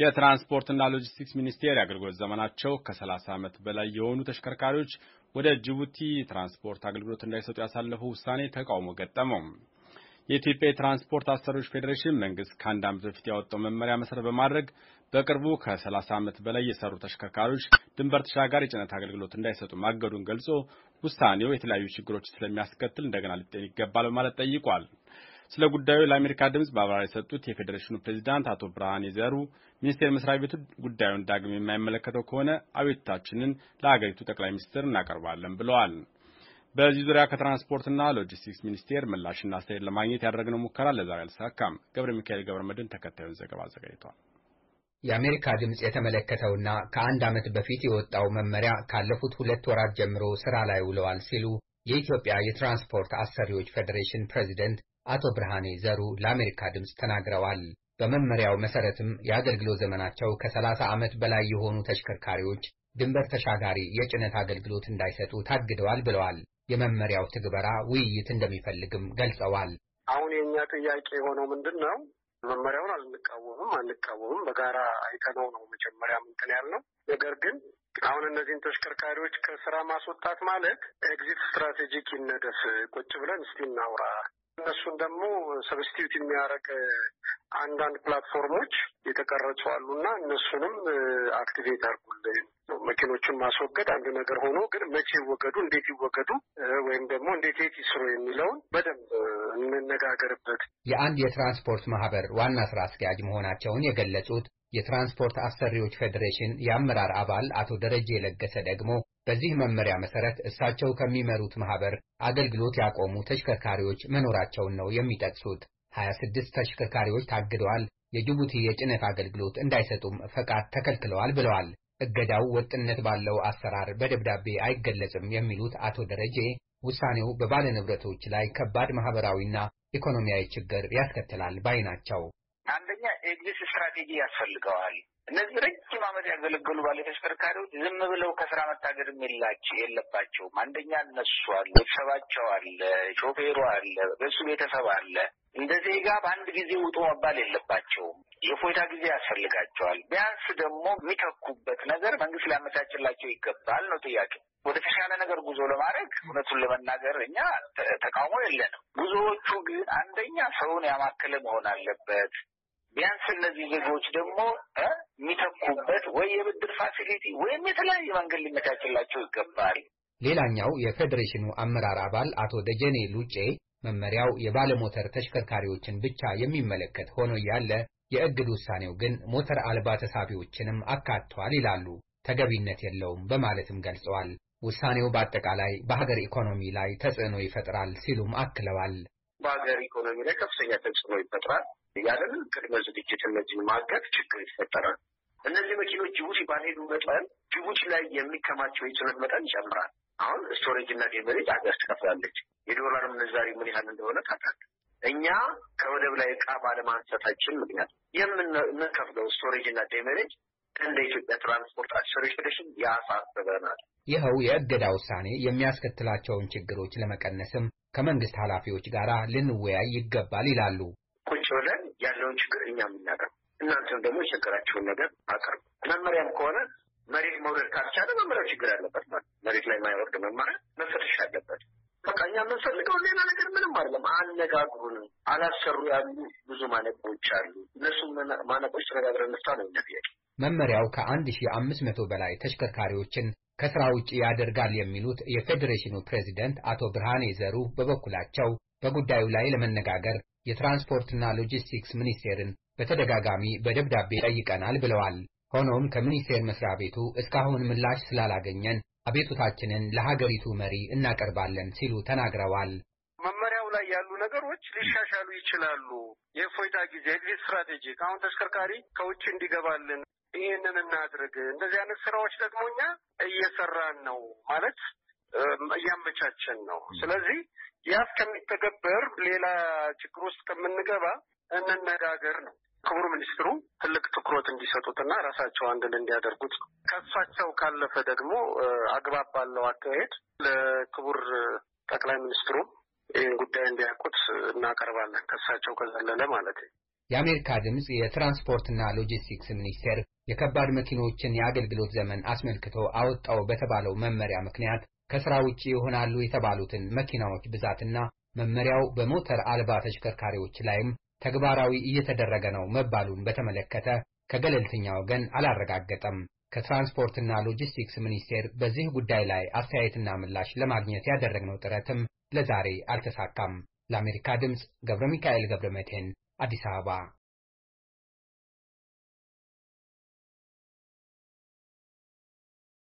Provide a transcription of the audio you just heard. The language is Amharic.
የትራንስፖርትና ሎጂስቲክስ ሚኒስቴር የአገልግሎት ዘመናቸው ከ30 ዓመት በላይ የሆኑ ተሽከርካሪዎች ወደ ጅቡቲ ትራንስፖርት አገልግሎት እንዳይሰጡ ያሳለፈው ውሳኔ ተቃውሞ ገጠመው። የኢትዮጵያ የትራንስፖርት አሰሪዎች ፌዴሬሽን መንግስት ከአንድ ዓመት በፊት ያወጣው መመሪያ መሰረት በማድረግ በቅርቡ ከ30 ዓመት በላይ የሰሩ ተሽከርካሪዎች ድንበር ተሻጋሪ የጭነት አገልግሎት እንዳይሰጡ ማገዱን ገልጾ ውሳኔው የተለያዩ ችግሮች ስለሚያስከትል እንደገና ሊጤን ይገባል በማለት ጠይቋል። ስለ ጉዳዩ ለአሜሪካ ድምፅ ማብራሪያ የሰጡት የፌዴሬሽኑ ፕሬዚዳንት አቶ ብርሃን ዘሩ ሚኒስቴር መስሪያ ቤቱ ጉዳዩን ዳግም የማይመለከተው ከሆነ አቤቱታችንን ለአገሪቱ ጠቅላይ ሚኒስትር እናቀርባለን ብለዋል። በዚህ ዙሪያ ከትራንስፖርትና ሎጂስቲክስ ሚኒስቴር ምላሽና አስተያየት ለማግኘት ያደረግነው ሙከራ ለዛሬ አልተሳካም። ገብረ ሚካኤል ገብረ መድን ተከታዩን ዘገባ አዘጋጅቷል። የአሜሪካ ድምፅ የተመለከተውና ከአንድ ዓመት በፊት የወጣው መመሪያ ካለፉት ሁለት ወራት ጀምሮ ስራ ላይ ውለዋል ሲሉ የኢትዮጵያ የትራንስፖርት አሰሪዎች ፌዴሬሽን ፕሬዚደንት አቶ ብርሃኔ ዘሩ ለአሜሪካ ድምፅ ተናግረዋል። በመመሪያው መሰረትም የአገልግሎት ዘመናቸው ከ30 ዓመት በላይ የሆኑ ተሽከርካሪዎች ድንበር ተሻጋሪ የጭነት አገልግሎት እንዳይሰጡ ታግደዋል ብለዋል። የመመሪያው ትግበራ ውይይት እንደሚፈልግም ገልጸዋል። አሁን የእኛ ጥያቄ የሆነው ምንድን ነው? መመሪያውን አልንቃወምም አንቃወምም፣ በጋራ አይተነው ነው መጀመሪያ ምንትን ያልነው። ነገር ግን አሁን እነዚህን ተሽከርካሪዎች ከስራ ማስወጣት ማለት ኤግዚት ስትራቴጂክ ይነደፍ፣ ቁጭ ብለን እስቲ እናውራ እነሱን ደግሞ ሰብስቲዩት የሚያደርግ አንዳንድ ፕላትፎርሞች የተቀረጹ አሉና እነሱንም አክቲቬት አርጉልን። መኪኖቹን ማስወገድ አንድ ነገር ሆኖ ግን መቼ ይወገዱ፣ እንዴት ይወገዱ፣ ወይም ደግሞ እንዴት የት ይስሩ የሚለውን በደንብ እንነጋገርበት። የአንድ የትራንስፖርት ማህበር ዋና ስራ አስኪያጅ መሆናቸውን የገለጹት የትራንስፖርት አሰሪዎች ፌዴሬሽን የአመራር አባል አቶ ደረጀ የለገሰ ደግሞ በዚህ መመሪያ መሰረት እሳቸው ከሚመሩት ማህበር አገልግሎት ያቆሙ ተሽከርካሪዎች መኖራቸውን ነው የሚጠቅሱት። 26 ተሽከርካሪዎች ታግደዋል። የጅቡቲ የጭነት አገልግሎት እንዳይሰጡም ፈቃድ ተከልክለዋል ብለዋል። እገዳው ወጥነት ባለው አሰራር በደብዳቤ አይገለጽም የሚሉት አቶ ደረጄ ውሳኔው በባለንብረቶች ላይ ከባድ ማህበራዊና ኢኮኖሚያዊ ችግር ያስከትላል ባይ ናቸው። አንደኛ ኤግዚት ስትራቴጂ ያስፈልገዋል። እነዚህ ረጅም ዓመት ያገለገሉ ባለ ተሽከርካሪዎች ዝም ብለው ከስራ መታገድ የሚላቸው የለባቸውም። አንደኛ እነሱ አለ፣ ቤተሰባቸው አለ፣ ሾፌሩ አለ፣ በሱ ቤተሰብ አለ። እንደ ዜጋ በአንድ ጊዜ ውጡ መባል የለባቸውም። የፎይታ ጊዜ ያስፈልጋቸዋል። ቢያንስ ደግሞ የሚተኩበት ነገር መንግስት ሊያመቻችላቸው ይገባል ነው ጥያቄ። ወደ ተሻለ ነገር ጉዞ ለማድረግ እውነቱን ለመናገር እኛ ተቃውሞ የለንም። ጉዞዎቹ ግን አንደኛ ሰውን ያማከለ መሆን አለበት። ቢያንስ እነዚህ ዜጎች ደግሞ የሚተኩበት ወይ የብድር ፋሲሊቲ ወይም የተለያየ መንገድ ሊመቻችላቸው ይገባል። ሌላኛው የፌዴሬሽኑ አመራር አባል አቶ ደጀኔ ሉጬ መመሪያው የባለሞተር ተሽከርካሪዎችን ብቻ የሚመለከት ሆኖ ያለ የእግድ ውሳኔው ግን ሞተር አልባ ተሳቢዎችንም አካቷል ይላሉ። ተገቢነት የለውም በማለትም ገልጸዋል። ውሳኔው በአጠቃላይ በሀገር ኢኮኖሚ ላይ ተጽዕኖ ይፈጥራል ሲሉም አክለዋል። በሀገር ኢኮኖሚ ላይ ከፍተኛ ተጽዕኖ ይፈጥራል። ያለምን ቅድመ ዝግጅት እነዚህን ማገድ ችግር ይፈጠራል። እነዚህ መኪኖች ጅቡቲ ባልሄዱ መጠን ጅቡቲ ላይ የሚከማቸው የጭነት መጠን ይጨምራል። አሁን ስቶሬጅ እና ዴመሬጅ አገር ትከፍላለች። የዶላር ምንዛሪ ምን ያህል እንደሆነ ታውቃለህ። እኛ ከወደብ ላይ እቃ ባለማንሳታችን ምክንያት የምንከፍለው ስቶሬጅ እና ዴመሬጅ እንደ ኢትዮጵያ ትራንስፖርት አሶሲሽን ያሳስበናል። ይኸው የእገዳ ውሳኔ የሚያስከትላቸውን ችግሮች ለመቀነስም ከመንግስት ኃላፊዎች ጋር ልንወያይ ይገባል ይላሉ። ቁጭ ብለን ያለውን ችግር እኛ የምናቀርብ እናንተም ደግሞ የቸገራቸውን ነገር አቅርቡ። መመሪያም ከሆነ መሬት መውረድ ካልቻለ መመሪያው ችግር አለበት ማለት መሬት ላይ የማይወርድ መመሪያ መፈተሽ አለበት። በቃ እኛ የምንፈልገው ሌላ ነገር ምንም አይደለም። አነጋግሩን። አላሰሩ ያሉ ብዙ ማነቆች አሉ። እነሱ ማነቆች ተነጋግረን እንፍታ ነው። መመሪያው ከአንድ ሺህ አምስት መቶ በላይ ተሽከርካሪዎችን ከስራ ውጪ ያደርጋል የሚሉት የፌዴሬሽኑ ፕሬዚደንት አቶ ብርሃኔ ዘሩ በበኩላቸው በጉዳዩ ላይ ለመነጋገር የትራንስፖርትና ሎጂስቲክስ ሚኒስቴርን በተደጋጋሚ በደብዳቤ ጠይቀናል ብለዋል። ሆኖም ከሚኒስቴር መስሪያ ቤቱ እስካሁን ምላሽ ስላላገኘን አቤቱታችንን ለሀገሪቱ መሪ እናቀርባለን ሲሉ ተናግረዋል። መመሪያው ላይ ያሉ ነገሮች ሊሻሻሉ ይችላሉ። የእፎይታ ጊዜ ስትራቴጂክ አሁን ተሽከርካሪ ከውጭ እንዲገባልን ይህንን እናድርግ። እንደዚህ አይነት ስራዎች ደግሞ እኛ እየሰራን ነው ማለት እያመቻቸን ነው። ስለዚህ ያ እስከሚተገበር ሌላ ችግር ውስጥ ከምንገባ እንነጋገር ነው። ክቡር ሚኒስትሩ ትልቅ ትኩረት እንዲሰጡትና ራሳቸው አንድን እንዲያደርጉት ከሳቸው ከእሳቸው ካለፈ ደግሞ አግባብ ባለው አካሄድ ለክቡር ጠቅላይ ሚኒስትሩ ይህን ጉዳይ እንዲያውቁት እናቀርባለን። ከእሳቸው ከዘለለ ማለት ነው። የአሜሪካ ድምፅ የትራንስፖርትና ሎጂስቲክስ ሚኒስቴር የከባድ መኪኖችን የአገልግሎት ዘመን አስመልክቶ አወጣው በተባለው መመሪያ ምክንያት ከስራ ውጭ ይሆናሉ የተባሉትን መኪናዎች ብዛትና መመሪያው በሞተር አልባ ተሽከርካሪዎች ላይም ተግባራዊ እየተደረገ ነው መባሉን በተመለከተ ከገለልተኛ ወገን አላረጋገጠም። ከትራንስፖርትና ሎጂስቲክስ ሚኒስቴር በዚህ ጉዳይ ላይ አስተያየትና ምላሽ ለማግኘት ያደረግነው ጥረትም ለዛሬ አልተሳካም። ለአሜሪካ ድምፅ ገብረ ሚካኤል ገብረ መቴን අතිසාවා